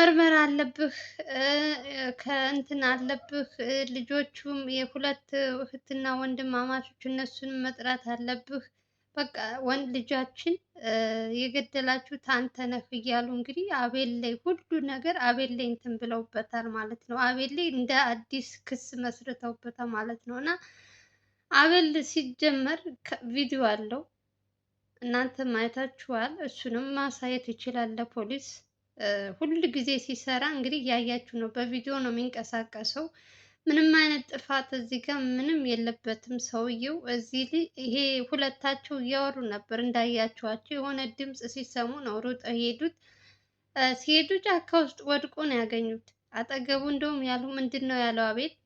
መመርመር አለብህ፣ ከእንትን አለብህ። ልጆቹም የሁለት እህትና ወንድማማቾች እነሱን መጥራት አለብህ። በቃ ወንድ ልጃችን የገደላችሁት አንተ ነህ እያሉ እንግዲህ አቤል ላይ ሁሉ ነገር አቤል ላይ እንትን ብለውበታል ማለት ነው። አቤል ላይ እንደ አዲስ ክስ መስርተውበታል ማለት ነው። እና አቤል ሲጀመር ቪዲዮ አለው እናንተ ማየታችኋል። እሱንም ማሳየት ይችላል ለፖሊስ ሁል ጊዜ ሲሰራ እንግዲህ ያያችሁ ነው። በቪዲዮ ነው የሚንቀሳቀሰው። ምንም አይነት ጥፋት እዚህ ጋር ምንም የለበትም ሰውየው። እዚህ ይሄ ሁለታቸው እያወሩ ነበር እንዳያችኋቸው። የሆነ ድምፅ ሲሰሙ ነው ሩጠው የሄዱት። ሲሄዱ ጫካ ውስጥ ወድቆ ነው ያገኙት። አጠገቡ እንደውም ያሉ ምንድን ነው ያለው አቤት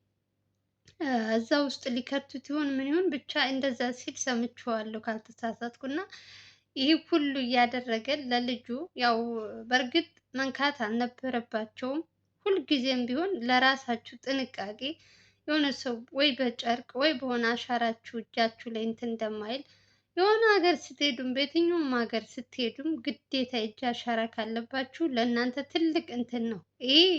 እዛ ውስጥ ሊከቱት ይሆን ምን ይሆን ብቻ እንደዛ ሲል ሰምቼዋለሁ ካልተሳሳትኩ እና ይህ ሁሉ እያደረገ ለልጁ ያው በእርግጥ መንካት አልነበረባቸውም። ሁልጊዜም ቢሆን ለራሳችሁ ጥንቃቄ የሆነ ሰው ወይ በጨርቅ ወይ በሆነ አሻራችሁ እጃችሁ ላይ እንትን እንደማይል የሆነ ሀገር ስትሄዱም በየትኛውም ሀገር ስትሄዱም ግዴታ የእጅ አሻራ ካለባችሁ ለእናንተ ትልቅ እንትን ነው። ይህ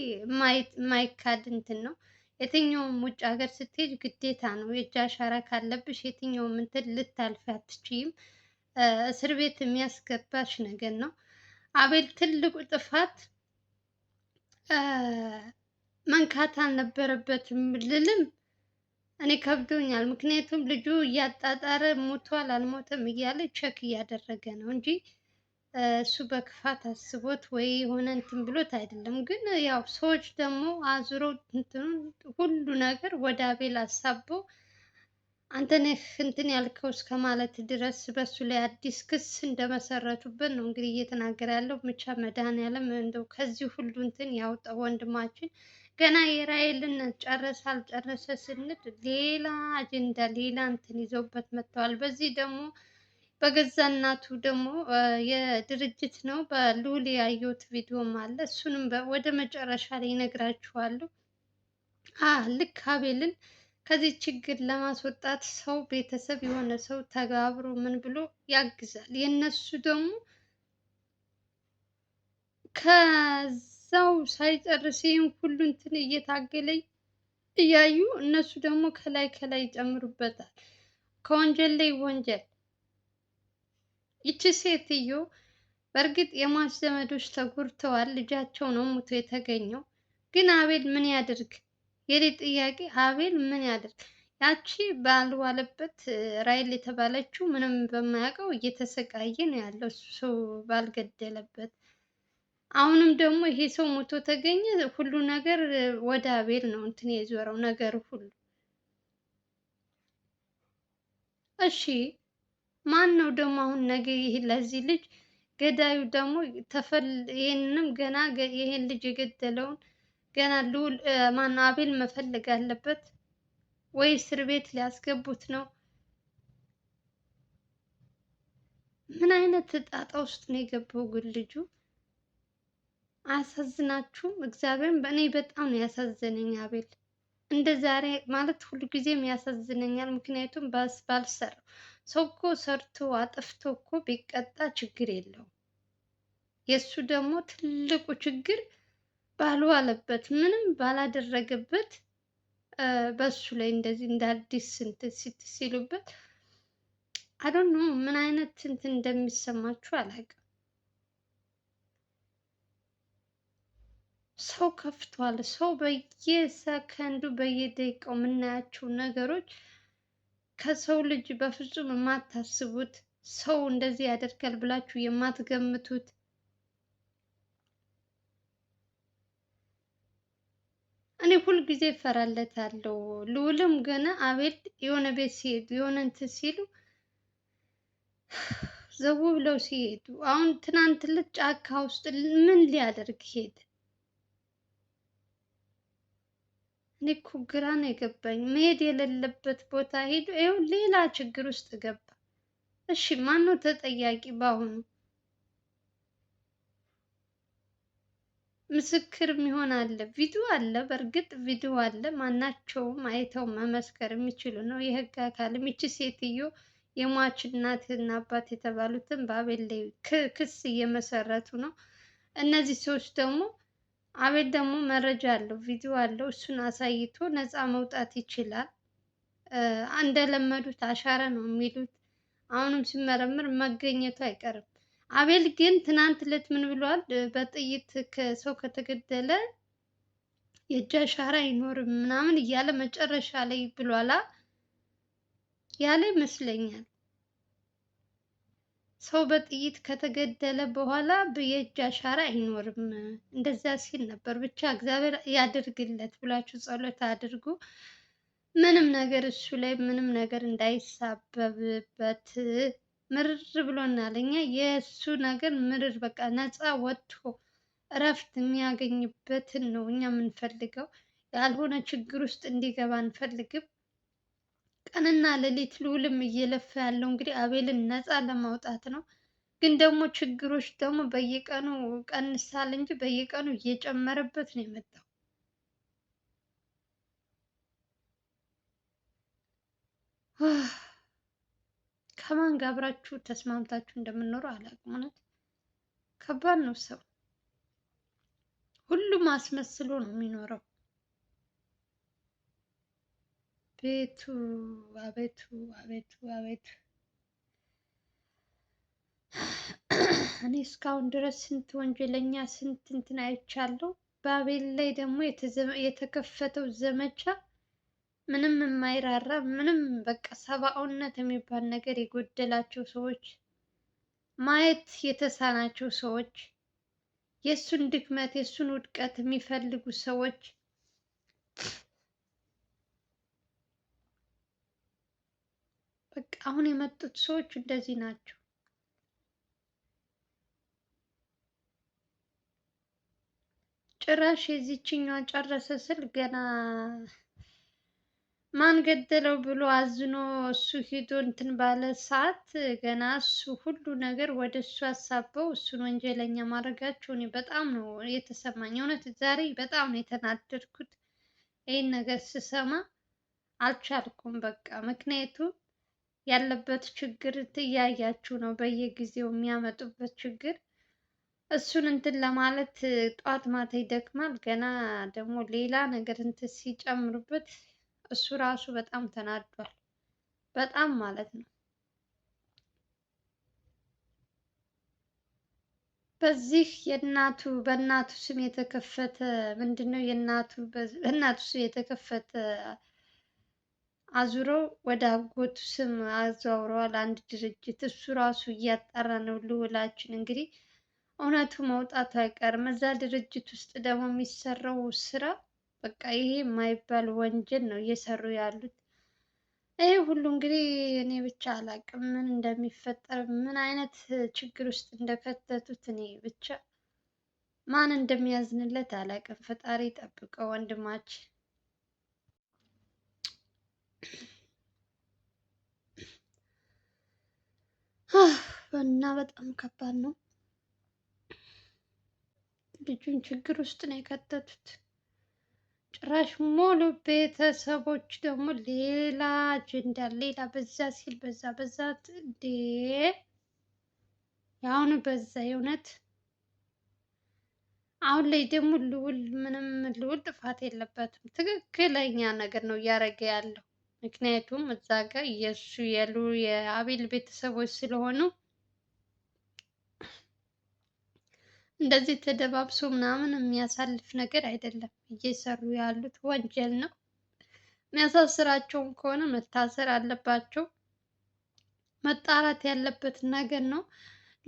የማይካድ እንትን ነው። የትኛውም ውጭ ሀገር ስትሄድ ግዴታ ነው። የእጅ አሻራ ካለብሽ የትኛውም እንትን ልታልፊ አትችይም። እስር ቤት የሚያስገባች ነገር ነው። አቤል ትልቁ ጥፋት መንካት አልነበረበትም ልልም እኔ ከብዶኛል። ምክንያቱም ልጁ እያጣጣረ ሞቷል አልሞተም እያለ ቸክ እያደረገ ነው እንጂ እሱ በክፋት አስቦት ወይ የሆነ እንትን ብሎት አይደለም። ግን ያው ሰዎች ደግሞ አዙረው እንትኑን ሁሉ ነገር ወደ አቤል አሳበው አንተ ነህ እንትን ያልከው እስከ ማለት ድረስ በሱ ላይ አዲስ ክስ እንደመሰረቱበት ነው እንግዲህ እየተናገረ ያለው። ብቻ መድኃኒዓለም እንደው ከዚህ ሁሉ እንትን ያውጣው ወንድማችን። ገና የራይልን ጨረሰ አልጨረሰ ስንል ሌላ አጀንዳ ሌላ እንትን ይዘውበት መጥተዋል። በዚህ ደግሞ በገዛ እናቱ ደግሞ የድርጅት ነው በሉል ያየሁት ቪዲዮም አለ። እሱንም ወደ መጨረሻ ላይ ይነግራችኋለሁ። ልክ አቤልን ከዚህ ችግር ለማስወጣት ሰው ቤተሰብ የሆነ ሰው ተጋብሮ ምን ብሎ ያግዛል። የእነሱ ደግሞ ከዛው ሳይጨርስ ይህን ሁሉ እንትን እየታገለኝ እያዩ እነሱ ደግሞ ከላይ ከላይ ይጨምሩበታል። ከወንጀል ላይ ወንጀል። ይቺ ሴትዮ በእርግጥ የሟች ዘመዶች ተጎድተዋል። ልጃቸው ነው ሙቶ የተገኘው። ግን አቤል ምን ያድርግ? የኔ ጥያቄ አቤል ምን ያድርግ? ያቺ ባልዋለበት ራይል የተባለችው ምንም በማያውቀው እየተሰቃየ ነው ያለው ሰው ባልገደለበት። አሁንም ደግሞ ይሄ ሰው ሞቶ ተገኘ። ሁሉ ነገር ወደ አቤል ነው እንትን የዞረው ነገር ሁሉ። እሺ ማን ነው ደግሞ አሁን ነገ ይሄ ለዚህ ልጅ ገዳዩ ደግሞ ይሄንንም ገና ይሄን ልጅ የገደለውን ገና ልዑል ማነው አቤል መፈለግ አለበት ወይ እስር ቤት ሊያስገቡት ነው? ምን አይነት ጣጣ ውስጥ ነው የገባው ግን ልጁ? አያሳዝናችሁም? እግዚአብሔርን በእኔ በጣም ነው ያሳዘነኝ አቤል። እንደ ዛሬ ማለት ሁሉ ጊዜም ያሳዝነኛል። ምክንያቱም ባልሰራው ሰው እኮ ሰርቶ አጥፍቶ እኮ ቢቀጣ ችግር የለውም። የእሱ ደግሞ ትልቁ ችግር ባልዋለበት ምንም ባላደረገበት በሱ ላይ እንደዚህ እንደ አዲስ እንትን ሲሉበት አዶኖ ምን አይነት ትንት እንደሚሰማችሁ አላውቅም። ሰው ከፍቷል። ሰው በየሰከንዱ በየደቂቃው የምናያቸው ነገሮች ከሰው ልጅ በፍጹም የማታስቡት ሰው እንደዚህ ያደርጋል ብላችሁ የማትገምቱት እኔ ሁልጊዜ እፈራለታለሁ። ልዑልም ገና አቤል የሆነ ቤት ሲሄዱ የሆነ እንትን ሲሉ ዘው ብለው ሲሄዱ፣ አሁን ትናንት ዕለት ጫካ ውስጥ ምን ሊያደርግ ሄድ እኔ እኮ ግራ ነው የገባኝ። መሄድ የሌለበት ቦታ ሄዶ ይኸው ሌላ ችግር ውስጥ ገባ። እሺ ማን ነው ተጠያቂ በአሁኑ? ምስክር የሚሆን አለ፣ ቪዲዮ አለ። በእርግጥ ቪዲዮ አለ። ማናቸውም አይተው መመስከር የሚችሉ ነው። የህግ አካልም ይቺ ሴትዮ የሟች እናትና አባት የተባሉትን በአቤል ላይ ክስ እየመሰረቱ ነው። እነዚህ ሰዎች ደግሞ አቤል ደግሞ መረጃ አለው፣ ቪዲዮ አለው። እሱን አሳይቶ ነፃ መውጣት ይችላል። እንደለመዱት አሻራ ነው የሚሉት። አሁንም ሲመረምር መገኘቱ አይቀርም። አቤል ግን ትናንት ዕለት ምን ብሏል? በጥይት ከሰው ከተገደለ የእጅ አሻራ አይኖርም ምናምን እያለ መጨረሻ ላይ ብሏላ ያለ ይመስለኛል። ሰው በጥይት ከተገደለ በኋላ የእጅ አሻራ አይኖርም እንደዚያ ሲል ነበር። ብቻ እግዚአብሔር ያድርግለት ብላችሁ ጸሎት አድርጉ። ምንም ነገር እሱ ላይ ምንም ነገር እንዳይሳበብበት ምርር ብሎናል። እኛ የእሱ ነገር ምርር በቃ ነፃ ወጥቶ እረፍት የሚያገኝበትን ነው እኛ የምንፈልገው። ያልሆነ ችግር ውስጥ እንዲገባ አንፈልግም። ቀንና ሌሊት ልዑልም እየለፋ ያለው እንግዲህ አቤልን ነፃ ለማውጣት ነው። ግን ደግሞ ችግሮች ደግሞ በየቀኑ ቀንሳል እንጂ በየቀኑ እየጨመረበት ነው የመጣው። ከማን ጋር አብራችሁ ተስማምታችሁ እንደምኖረው አላውቅም። እውነት ከባድ ነው። ሰው ሁሉም አስመስሎ ነው የሚኖረው። ቤቱ አቤቱ አቤቱ አቤቱ። እኔ እስካሁን ድረስ ስንት ወንጀለኛ ስንት እንትን አይቻለሁ። በአቤል ላይ ደግሞ የተከፈተው ዘመቻ ምንም የማይራራ ምንም በቃ ሰብአዊነት የሚባል ነገር የጎደላቸው ሰዎች፣ ማየት የተሳናቸው ሰዎች፣ የእሱን ድክመት የእሱን ውድቀት የሚፈልጉ ሰዎች በቃ አሁን የመጡት ሰዎች እንደዚህ ናቸው። ጭራሽ የዚችኛዋ ጨረሰ ስል ገና ማን ገደለው ብሎ አዝኖ እሱ ሂዶ እንትን ባለ ሰዓት ገና እሱ ሁሉ ነገር ወደ እሱ አሳበው እሱን ወንጀለኛ ማድረጋቸው እኔ በጣም ነው የተሰማኝ። እውነት ዛሬ በጣም ነው የተናደድኩት። ይህን ነገር ስሰማ አልቻልኩም በቃ። ምክንያቱም ያለበት ችግር ትያያችሁ ነው በየጊዜው የሚያመጡበት ችግር እሱን እንትን ለማለት ጧት ማታ ይደክማል። ገና ደግሞ ሌላ ነገር እንትን ሲጨምሩበት እሱ ራሱ በጣም ተናዷል። በጣም ማለት ነው። በዚህ የእናቱ በእናቱ ስም የተከፈተ ምንድነው የእናቱ በእናቱ ስም የተከፈተ አዙሮ ወደ አጎቱ ስም አዘዋውረዋል። አንድ ድርጅት እሱ ራሱ እያጣራ ነው። ልውላችን እንግዲህ እውነቱ መውጣቱ አይቀርም። እዛ ድርጅት ውስጥ ደግሞ የሚሰራው ስራ በቃ ይሄ የማይባል ወንጀል ነው እየሰሩ ያሉት። ይሄ ሁሉ እንግዲህ እኔ ብቻ አላቅም ምን እንደሚፈጠር ምን አይነት ችግር ውስጥ እንደከተቱት እኔ ብቻ ማን እንደሚያዝንለት አላቅም ፈጣሪ ጠብቀው ወንድማችን። እና በጣም ከባድ ነው። ልጁን ችግር ውስጥ ነው የከተቱት። ጭራሽ ሙሉ ቤተሰቦች ደግሞ ሌላ አጀንዳ ሌላ በዛ ሲል በዛ በዛ እንዴ! የአሁኑ በዛ የእውነት አሁን ላይ ደግሞ ልውል ምንም ልውል ጥፋት የለበትም። ትክክለኛ ነገር ነው እያደረገ ያለው። ምክንያቱም እዛ ጋር የእሱ የሉ የአቤል ቤተሰቦች ስለሆኑ እንደዚህ ተደባብሶ ምናምን የሚያሳልፍ ነገር አይደለም። እየሰሩ ያሉት ወንጀል ነው። የሚያሳስራቸውም ከሆነ መታሰር አለባቸው። መጣራት ያለበት ነገር ነው።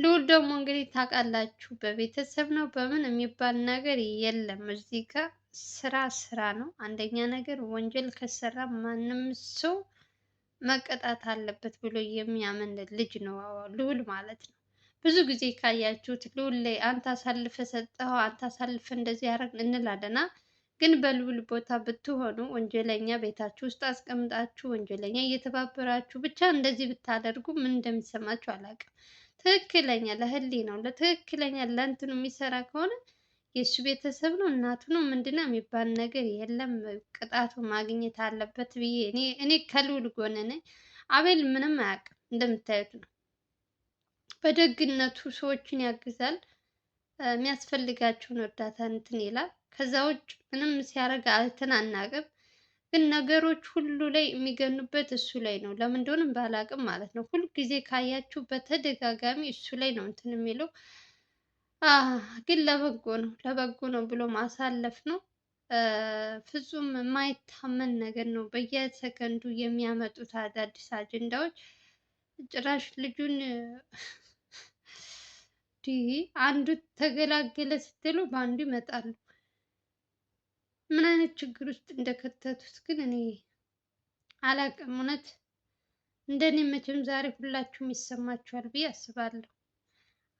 ልዑል ደግሞ እንግዲህ ታውቃላችሁ በቤተሰብ ነው በምን የሚባል ነገር የለም። እዚህ ጋር ስራ ስራ ነው። አንደኛ ነገር ወንጀል ከሰራ ማንም ሰው መቀጣት አለበት ብሎ የሚያምን ልጅ ነው ልዑል ማለት ነው። ብዙ ጊዜ ካያችሁት ልዑል ላይ አንተ አሳልፈ ሰጠኸው አንተ አሳልፈ እንደዚህ ያደረግ እንላለና፣ ግን በልውል ቦታ ብትሆኑ ወንጀለኛ ቤታችሁ ውስጥ አስቀምጣችሁ ወንጀለኛ እየተባበራችሁ ብቻ እንደዚህ ብታደርጉ ምን እንደሚሰማችሁ አላውቅም። ትክክለኛ ለህሊ ነው ለትክክለኛ ለእንትኑ የሚሰራ ከሆነ የእሱ ቤተሰብ ነው እናቱ ነው ምንድነው የሚባል ነገር የለም። ቅጣቱ ማግኘት አለበት ብዬ እኔ እኔ ከልዑል ጎን ነኝ። አቤል ምንም አያውቅም እንደምታዩት ነው። በደግነቱ ሰዎችን ያግዛል። የሚያስፈልጋቸውን እርዳታ እንትን ይላል። ከዛ ውጭ ምንም ሲያደርግ አይተን አናቅም ግን ነገሮች ሁሉ ላይ የሚገኑበት እሱ ላይ ነው። ለምን እንደሆነም ባላቅም ማለት ነው። ሁልጊዜ ካያችሁ በተደጋጋሚ እሱ ላይ ነው እንትን የሚለው። ግን ለበጎ ነው፣ ለበጎ ነው ብሎ ማሳለፍ ነው። ፍጹም የማይታመን ነገር ነው። በየሰከንዱ የሚያመጡት አዳዲስ አጀንዳዎች ጭራሽ ልጁን ናቸው። ይሄ አንዱ ተገላገለ ስትሉ በአንዱ ይመጣሉ። ምን አይነት ችግር ውስጥ እንደከተቱት ግን እኔ አላቅም። እውነት እንደኔ መቼም ዛሬ ሁላችሁም ይሰማችኋል ብዬ አስባለሁ።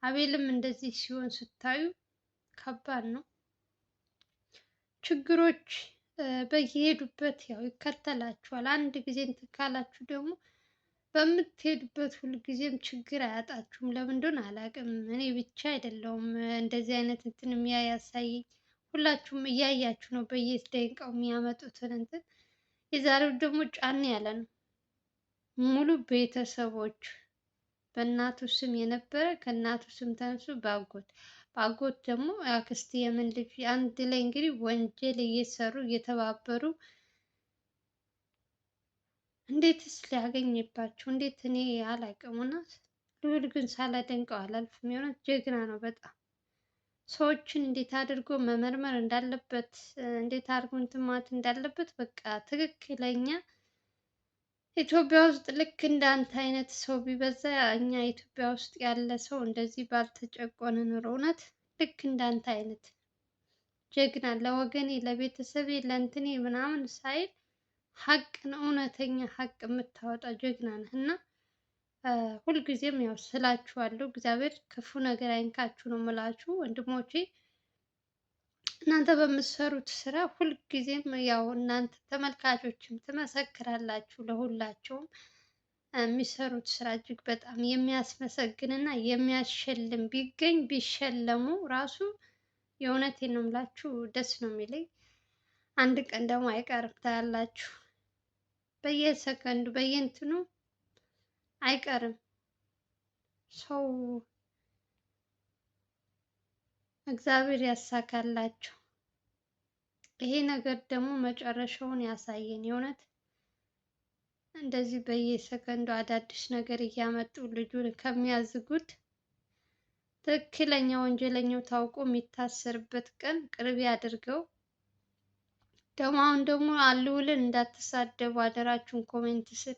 አቤልም እንደዚህ ሲሆን ስታዩ ከባድ ነው። ችግሮች በየሄዱበት ያው ይከተላችኋል። አንድ ጊዜ እንትን ካላችሁ ደግሞ በምትሄዱበት ሁልጊዜም ችግር አያጣችሁም። ለምን እንደሆነ አላውቅም። እኔ ብቻ አይደለሁም እንደዚህ አይነት እንትን የሚያሳየኝ ሁላችሁም እያያችሁ ነው በየደቂቃው የሚያመጡትን እንትን። የዛሬው ደግሞ ጫን ያለ ነው። ሙሉ ቤተሰቦች በእናቱ ስም የነበረ ከእናቱ ስም ተነሱ በአጎት በአጎት ደግሞ አክስት የምን ልጅ አንድ ላይ እንግዲህ ወንጀል እየሰሩ እየተባበሩ እንዴትስ ሊያገኝባቸው እንዴት እኔ እና ልዑል ግን ሳላደንቀው አላልፍም። የሆነ ጀግና ነው በጣም ሰዎችን እንዴት አድርጎ መመርመር እንዳለበት እንዴት አድርጎ እንትን ማለት እንዳለበት በቃ ትክክለኛ ኢትዮጵያ ውስጥ ልክ እንዳንተ አይነት ሰው ቢበዛ እኛ ኢትዮጵያ ውስጥ ያለ ሰው እንደዚህ ባልተጨቆነ ኑሮ እውነት ልክ እንዳንተ አይነት ጀግና ለወገኔ ለቤተሰቤ ለእንትኔ ምናምን ሳይል ሀቅን እውነተኛ ሀቅ የምታወጣ ጀግና ነህ እና ሁልጊዜም ያው ስላችኋለሁ፣ እግዚአብሔር ክፉ ነገር አይንካችሁ ነው የምላችሁ ወንድሞቼ። እናንተ በምትሰሩት ስራ ሁልጊዜም ያው እናንተ ተመልካቾችም ትመሰክራላችሁ። ለሁላቸውም የሚሰሩት ስራ እጅግ በጣም የሚያስመሰግን እና የሚያሸልም ቢገኝ ቢሸለሙ ራሱ የእውነቴን ነው የምላችሁ ደስ ነው የሚለኝ። አንድ ቀን ደግሞ አይቀርም ታያላችሁ። በየሰከንዱ በየእንትኑ አይቀርም። ሰው እግዚአብሔር ያሳካላቸው። ይሄ ነገር ደግሞ መጨረሻውን ያሳየን። የእውነት እንደዚህ በየሰከንዱ አዳዲስ ነገር እያመጡ ልጁን ከሚያዝጉት ትክክለኛ ወንጀለኛው ታውቆ የሚታሰርበት ቀን ቅርብ ያድርገው። ደግሞ አሁን ደግሞ አልውልን እንዳትሳደቡ አደራችሁን ኮሜንት ስል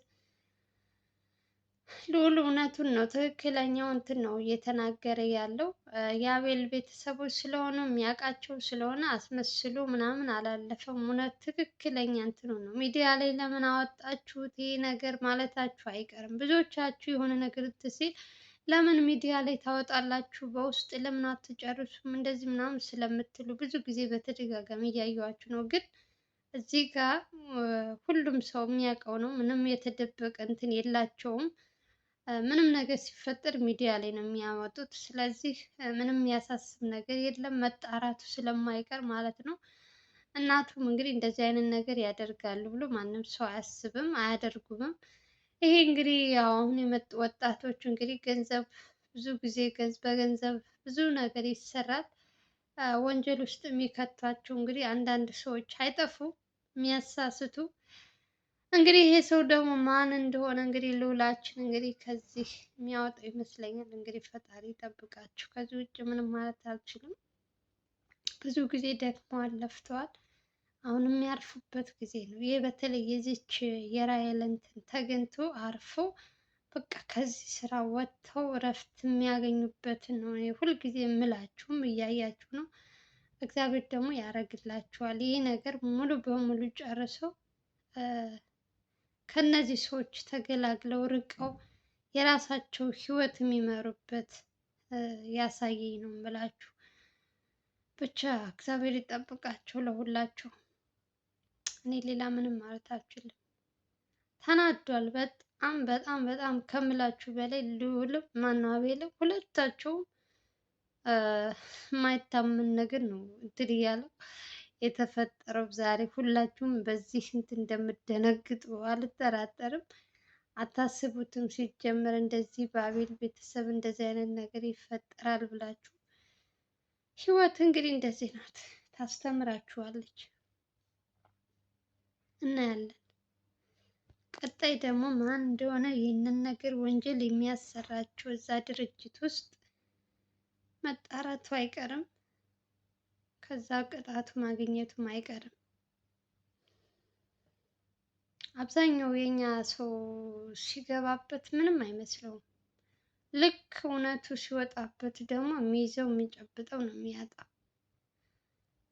ልዑል እውነቱን ነው። ትክክለኛው እንትን ነው እየተናገረ ያለው የአቤል ቤተሰቦች ስለሆኑ የሚያውቃቸው ስለሆነ አስመስሎ ምናምን አላለፈም። እውነት ትክክለኛ እንትኑ ነው። ሚዲያ ላይ ለምን አወጣችሁት ይሄ ነገር ማለታችሁ አይቀርም። ብዙዎቻችሁ የሆነ ነገር ሲል ለምን ሚዲያ ላይ ታወጣላችሁ፣ በውስጥ ለምን አትጨርሱም፣ እንደዚህ ምናምን ስለምትሉ ብዙ ጊዜ በተደጋጋሚ እያየኋችሁ ነው ግን እዚህ ጋር ሁሉም ሰው የሚያውቀው ነው። ምንም የተደበቀ እንትን የላቸውም። ምንም ነገር ሲፈጠር ሚዲያ ላይ ነው የሚያመጡት። ስለዚህ ምንም የሚያሳስብ ነገር የለም፣ መጣራቱ ስለማይቀር ማለት ነው። እናቱም እንግዲህ እንደዚህ አይነት ነገር ያደርጋሉ ብሎ ማንም ሰው አያስብም፣ አያደርጉምም። ይሄ እንግዲህ ያው አሁን የመጡ ወጣቶች እንግዲህ ገንዘብ ብዙ ጊዜ በገንዘብ ብዙ ነገር ይሰራል። ወንጀል ውስጥ የሚከቷቸው እንግዲህ አንዳንድ ሰዎች አይጠፉ የሚያሳስቱ። እንግዲህ ይሄ ሰው ደግሞ ማን እንደሆነ እንግዲህ ልውላችን እንግዲህ ከዚህ የሚያወጣው ይመስለኛል። እንግዲህ ፈጣሪ ይጠብቃችሁ። ከዚህ ውጭ ምንም ማለት አልችልም። ብዙ ጊዜ ደክመዋል፣ ለፍተዋል። አሁንም የሚያርፉበት ጊዜ ነው። ይሄ በተለይ የዚች የራሔል እንትን ተገኝቶ አርፎ በቃ ከዚህ ስራ ወጥተው እረፍት የሚያገኙበትን ነው ሁልጊዜ የምላችሁም እያያችሁ ነው። እግዚአብሔር ደግሞ ያደርግላችኋል። ይህ ነገር ሙሉ በሙሉ ጨርሰው ከነዚህ ሰዎች ተገላግለው ርቀው የራሳቸው ህይወት የሚመሩበት ያሳየኝ ነው የምላችሁ። ብቻ እግዚአብሔር ይጠብቃቸው ለሁላቸው። እኔ ሌላ ምንም ማለት አልችልም። ተናዷል በጣም በጣም በጣም በጣም ከምላችሁ በላይ ልዑልም ማነው አቤልም ሁለታቸውም የማይታመን ነገር ነው እንትን እያለው የተፈጠረው ዛሬ። ሁላችሁም በዚህ እንትን እንደምደነግጡ አልጠራጠርም። አታስቡትም ሲጀመር እንደዚህ በአቤል ቤተሰብ እንደዚህ አይነት ነገር ይፈጠራል ብላችሁ። ህይወት እንግዲህ እንደዚህ ናት፣ ታስተምራችኋለች። እናያለን። ቀጣይ ደግሞ ማን እንደሆነ ይህንን ነገር ወንጀል የሚያሰራቸው እዛ ድርጅት ውስጥ መጣራቱ አይቀርም። ከዛ ቅጣቱ ማግኘቱም አይቀርም። አብዛኛው የኛ ሰው ሲገባበት ምንም አይመስለውም። ልክ እውነቱ ሲወጣበት ደግሞ የሚይዘው የሚጨብጠው ነው የሚያጣው።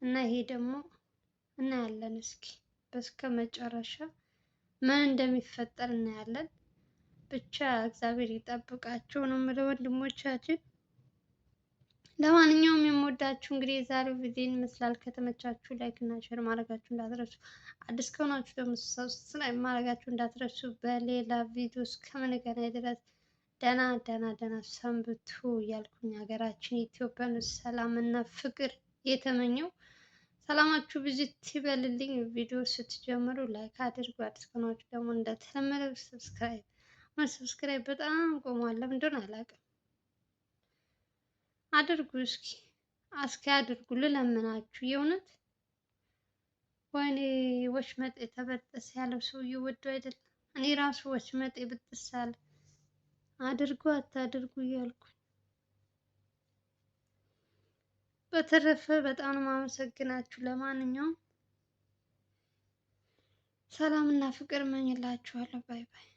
እና ይሄ ደግሞ እናያለን እስኪ በስከ መጨረሻ ምን እንደሚፈጠር እናያለን። ብቻ እግዚአብሔር ይጠብቃችሁ ነው የምለው ወንድሞቻችን። ለማንኛውም የምወዳችሁ እንግዲህ የዛሬው ቪዲዮ ይመስላል። ከተመቻችሁ ላይክ እና ሼር ማድረጋችሁ እንዳትረሱ፣ አዲስ ከሆናችሁ ደግሞ ሰብስክራይብ ማድረጋችሁ እንዳትረሱ። በሌላ ቪዲዮ እስከምንገናኝ ድረስ ደህና ደህና ደህና ሰንብቱ እያልኩኝ ሀገራችን ኢትዮጵያን ሰላምና ፍቅር የተመኘው ሰላማችሁ ብዙ ይበልልኝ። ቪዲዮ ስትጀምሩ ላይክ አድርጉ። አዲስ ከሆናችሁ ደግሞ እንደተለመደው ሰብስክራይብ አሁን ሰብስክራይብ በጣም ቆሟል። ለምንድን አላውቅም። አድርጉ እስኪ እስኪ አድርጉ ልለምናችሁ። የእውነት ወይኔ ወሽመጤ ተበጠሰ ያለው ሰውዬ ወዶ አይደለም። እኔ ራሱ ወሽመጤ ብጥስ አለ። አድርጉ አታድርጉ እያልኩኝ በተረፈ በጣም ነው የማመሰግናችሁ። ለማንኛውም እና ፍቅር እመኝላችኋለሁ። ባይ ባይ።